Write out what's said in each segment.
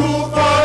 Rufa!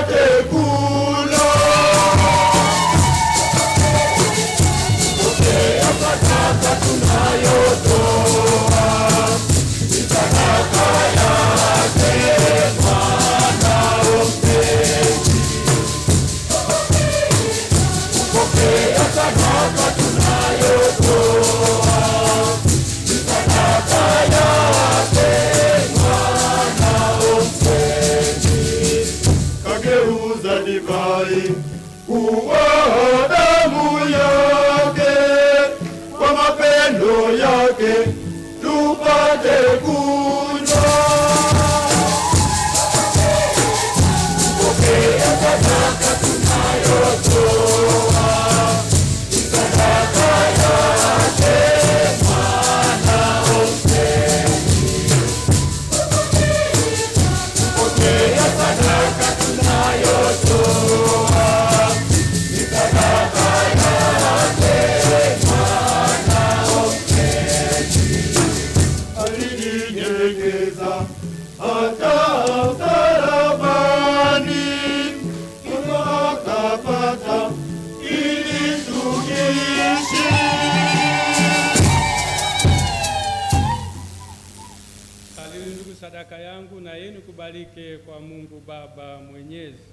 yake kwa Mungu Baba Mwenyezi.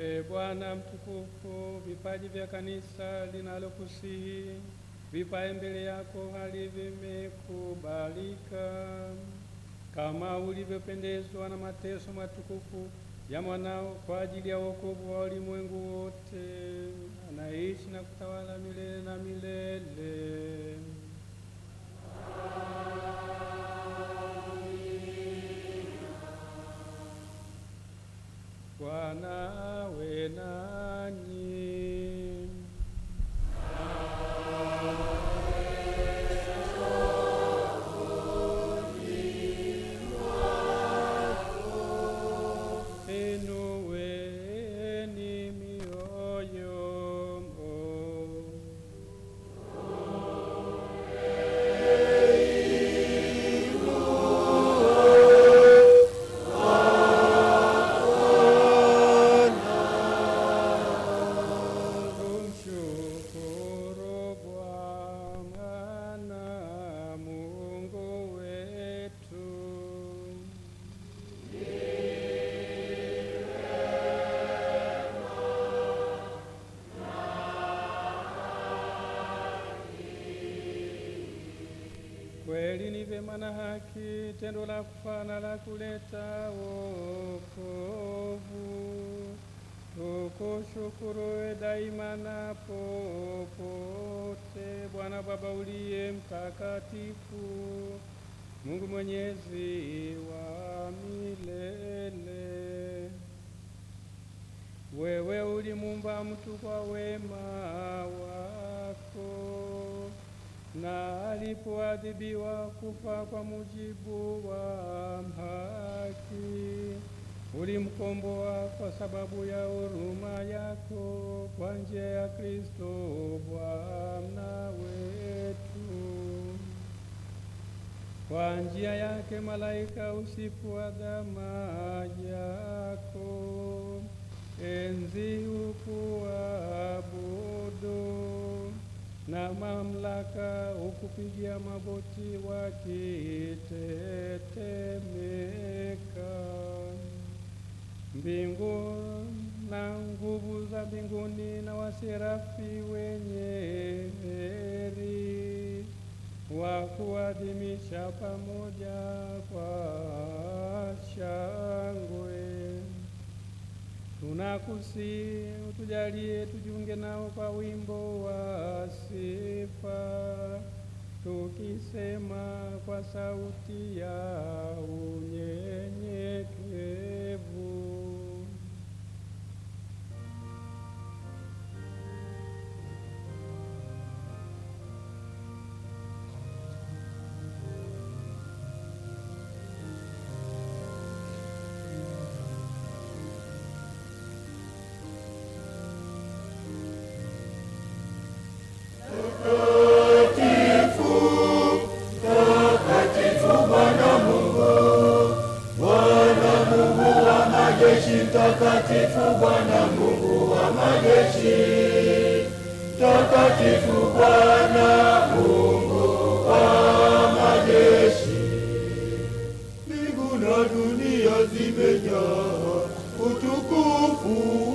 E Bwana mtukufu, vipaji vya kanisa linalokusihi vipae mbele yako hali vimekubalika, kama ulivyopendezwa na mateso matukufu ya mwanao kwa ajili ya wokovu wa ulimwengu wote, anaishi na kutawala milele na milele. Bwana awe na na haki, tendo la kufana la kuleta wokovu. Tukushukuru daima na popote, Bwana Baba uliye mtakatifu, Mungu mwenyezi wa milele. Wewe ulimumba mtu kwa wema na alipoadhibiwa kufa kwa mujibu wa haki, ulimkomboa kwa sababu ya huruma yako kwa njia ya Kristo Bwana wetu. Kwa njia yake malaika usifu adhama yako, enzi ukuabudu na mamlaka ukupigia magoti wakitetemeka. Mbingu na nguvu za mbinguni na waserafi wenye heri kuadhimisha pamoja kwa shangwe tunakusi utujalie tujiunge nao kwa wimbo wa sifa, tukisema kwa sauti ya unyenyekevu dunia zimejaa utukufu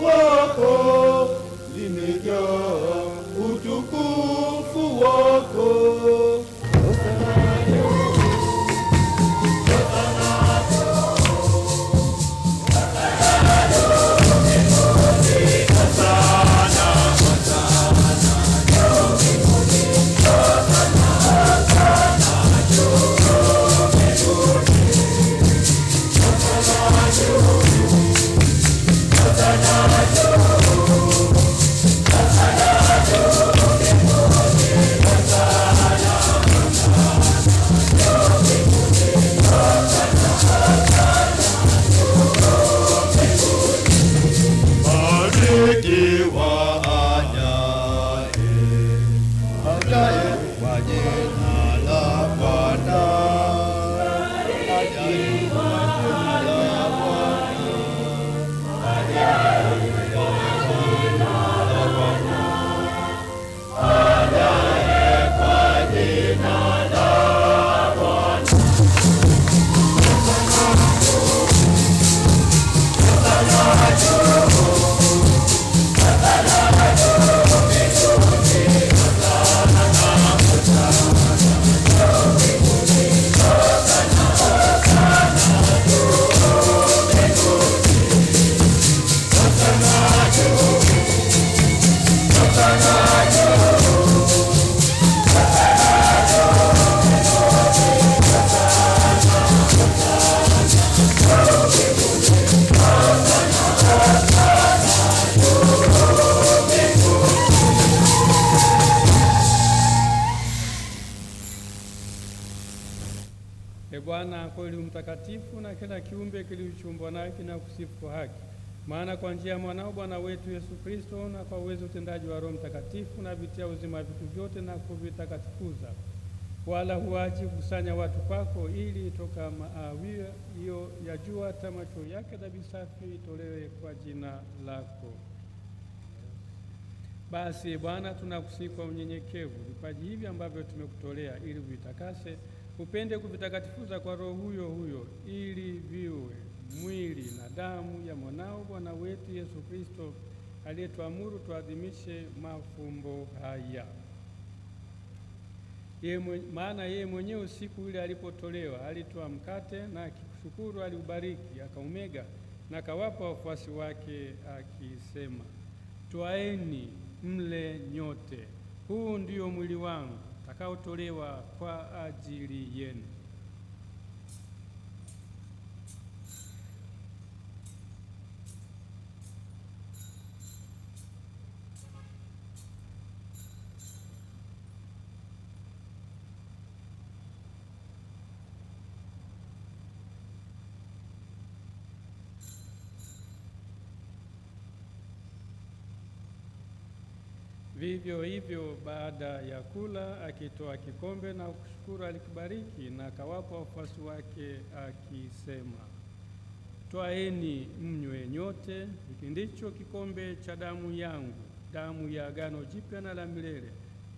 mtakatifu na kila kiumbe kilichoumbwa naye kinakusifu kwa haki. Maana kwa njia ya mwanao Bwana wetu Yesu Kristo na kwa uwezo utendaji wa Roho Mtakatifu na vitia uzima vitu vyote na kuvitakatifuza, wala huachi kusanya watu kwako, ili toka maawio hiyo ya jua hata machweo yake dhabihu safi itolewe kwa jina lako. Basi Bwana, tunakusifu kwa unyenyekevu vipaji hivi ambavyo tumekutolea, ili vitakase upende kuvitakatifuza kwa Roho huyo huyo, ili viwe mwili na damu ya mwanao Bwana wetu Yesu Kristo, aliyetuamuru tuadhimishe mafumbo haya. Ye, maana yeye mwenyewe siku ule alipotolewa alitoa mkate na akishukuru aliubariki, akaumega na akawapa wafuasi wake akisema, twaeni mle nyote, huu ndiyo mwili wangu utakaotolewa kwa ajili yenu. Vivyo hivyo baada ya kula, akitoa kikombe na kushukuru, alikibariki na akawapa wafuasi wake akisema, Twaeni mnywe nyote, hiki ndicho kikombe cha damu yangu, damu ya agano jipya na la milele,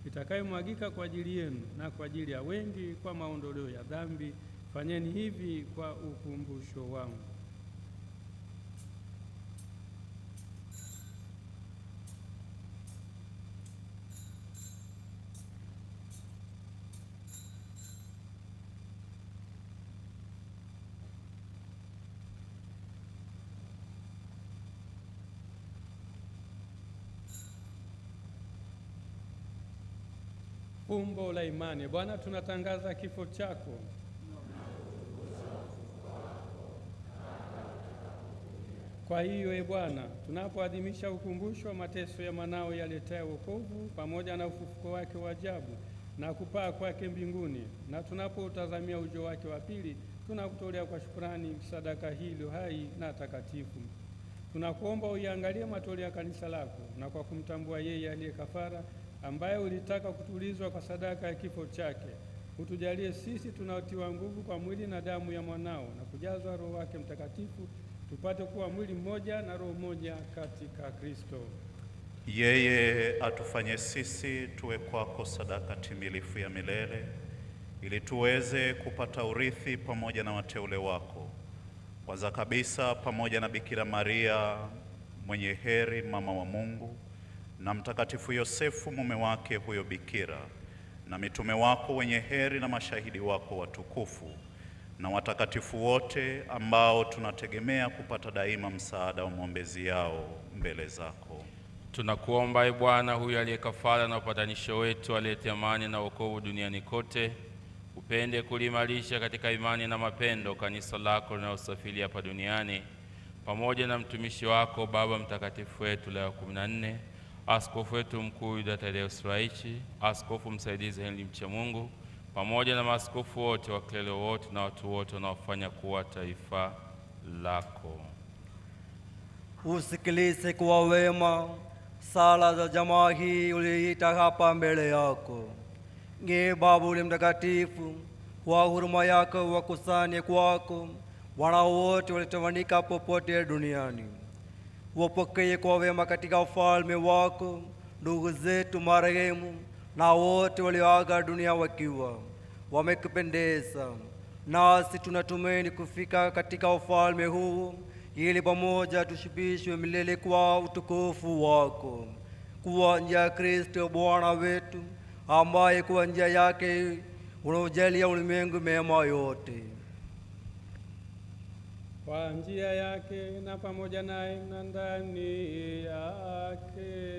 itakayomwagika kwa ajili yenu na kwa ajili ya wengi kwa maondoleo ya dhambi. Fanyeni hivi kwa ukumbusho wangu. fumbo la imani. Bwana, tunatangaza kifo chako Kwa hiyo, e Bwana, tunapoadhimisha ukumbusho wa mateso ya mwanao yaletayo wokovu pamoja na ufufuko wake wa ajabu na kupaa kwake mbinguni, na tunapoutazamia ujio wake wa pili, tunakutolea kwa shukrani sadaka hilo hai na takatifu. Tunakuomba uiangalie matoleo ya kanisa lako, na kwa kumtambua yeye aliye kafara ambaye ulitaka kutulizwa kwa sadaka ya kifo chake, utujalie sisi tunaotiwa nguvu kwa mwili na damu ya mwanao na kujazwa Roho wake Mtakatifu, tupate kuwa mwili mmoja na roho moja katika Kristo. Yeye atufanye sisi tuwe kwako sadaka timilifu ya milele, ili tuweze kupata urithi pamoja na wateule wako, kwanza kabisa pamoja na Bikira Maria mwenye heri, mama wa Mungu na Mtakatifu Yosefu mume wake huyo bikira na mitume wako wenye heri na mashahidi wako watukufu na watakatifu wote ambao tunategemea kupata daima msaada wa maombezi yao mbele zako. Tunakuomba, e Bwana, huyu aliye kafara na upatanisho wetu, alete amani na wokovu duniani kote, upende kuliimarisha katika imani na mapendo kanisa lako linalosafiri hapa duniani, pamoja na mtumishi wako Baba Mtakatifu wetu Leo kumi na nne askofu wetu mkuu Yuda Tadeo Siraichi, askofu msaidizi Henry mchemungu pamoja na maaskofu wote, waklele wote na watu wote wanaofanya kuwa taifa lako. Usikilize kwa wema sala za jamaa hii uliita hapa mbele yako. Ng'e ee Baba ule mtakatifu, kwa huruma yako wakusanye kwako wana wote walitawanika popote duniani Wapokee kwa wema katika ufalme wako ndugu zetu marehemu na wote walioaga dunia wakiwa wamekupendeza, nasi tunatumaini kufika katika ufalme huu ili pamoja tushibishwe milele kwa utukufu wako. Kwa njia ya Kristo Bwana wetu, ambaye kwa njia yake unaojalia ulimwengu mema yote kwa njia yake na pamoja naye na ndani yake.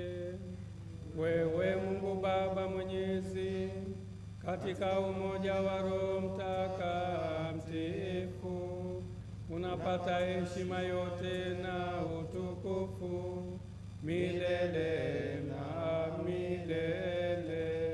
Wewe Mungu Baba Mwenyezi, katika umoja wa Roho Mtakatifu, unapata heshima yote na utukufu milele na milele.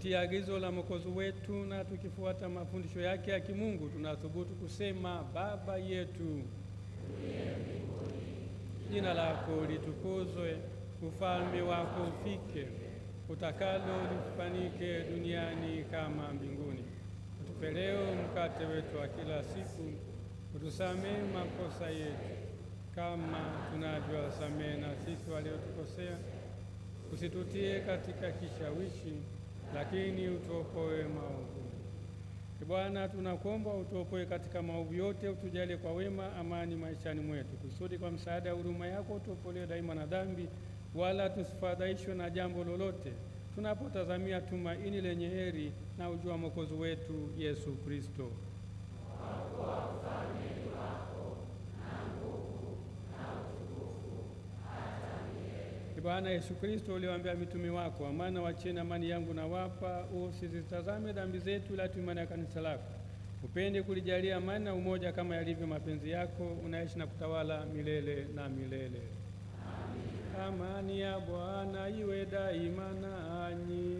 Kupitia agizo la Mwokozi wetu na tukifuata mafundisho yake ya kimungu, tunathubutu kusema Baba yetu, jina lako litukuzwe, ufalme wako ufike, utakalo lifanyike duniani kama mbinguni. Utupe leo mkate wetu wa kila siku, utusamee makosa yetu kama tunavyowasamehe na sisi waliotukosea, usitutie katika kishawishi lakini utuokoe maovu. E Bwana, tunakuomba utuokoe katika maovu yote, utujalie kwa wema amani maishani mwetu, kusudi kwa msaada ya huruma yako utuokolee daima na dhambi, wala tusifadhaishwe na jambo lolote, tunapotazamia tumaini lenye heri na ujua mwokozi wetu Yesu Kristo. Bwana Yesu Kristo uliwaambia mitume wako, amana wacheni, amani yangu nawapa, usizitazame dhambi zetu, ila tuimani ya kanisa lako. Upende kulijalia amani na umoja kama yalivyo mapenzi yako, unaishi na kutawala milele na milele. Amin. Amani ya Bwana iwe daima nanyi.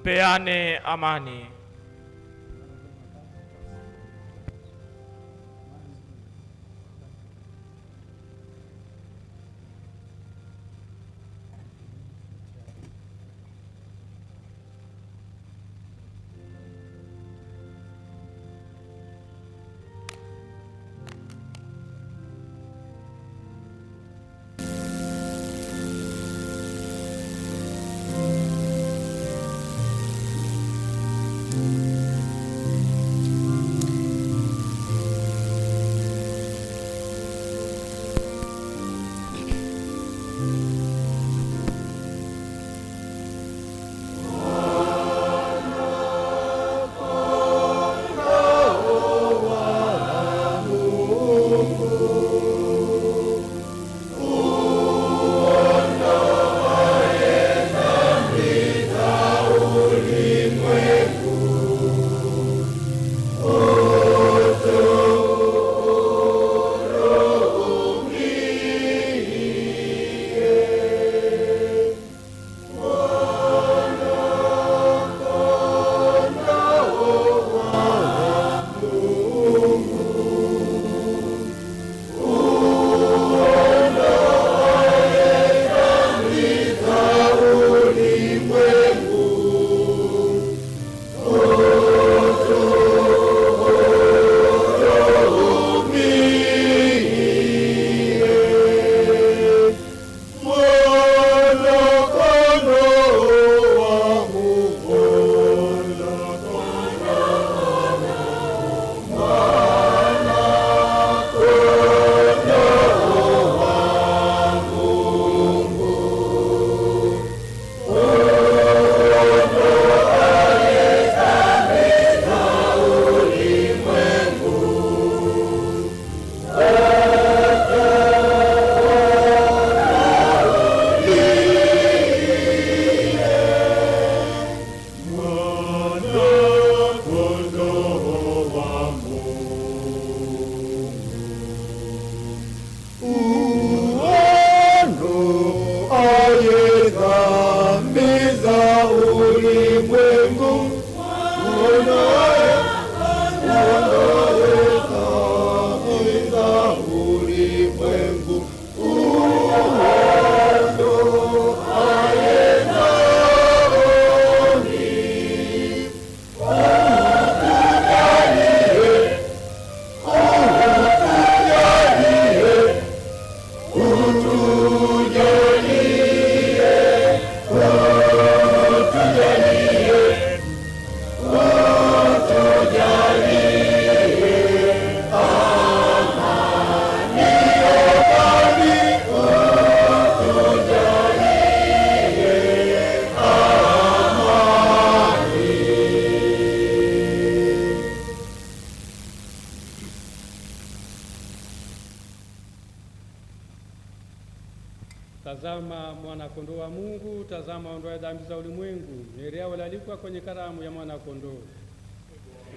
mpeane amani.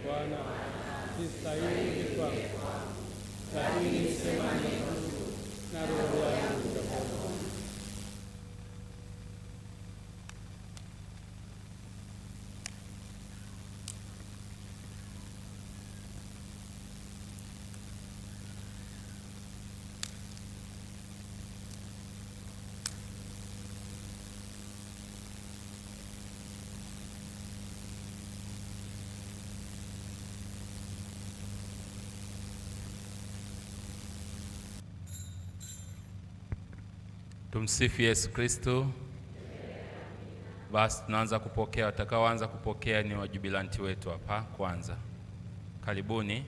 Bwana, sistahili kwangu, lakini sema neno na roho yangu itakuwa Tumsifu Yesu Kristo. Basi tunaanza kupokea, watakaoanza kupokea ni wajubilanti wetu hapa kwanza. Karibuni.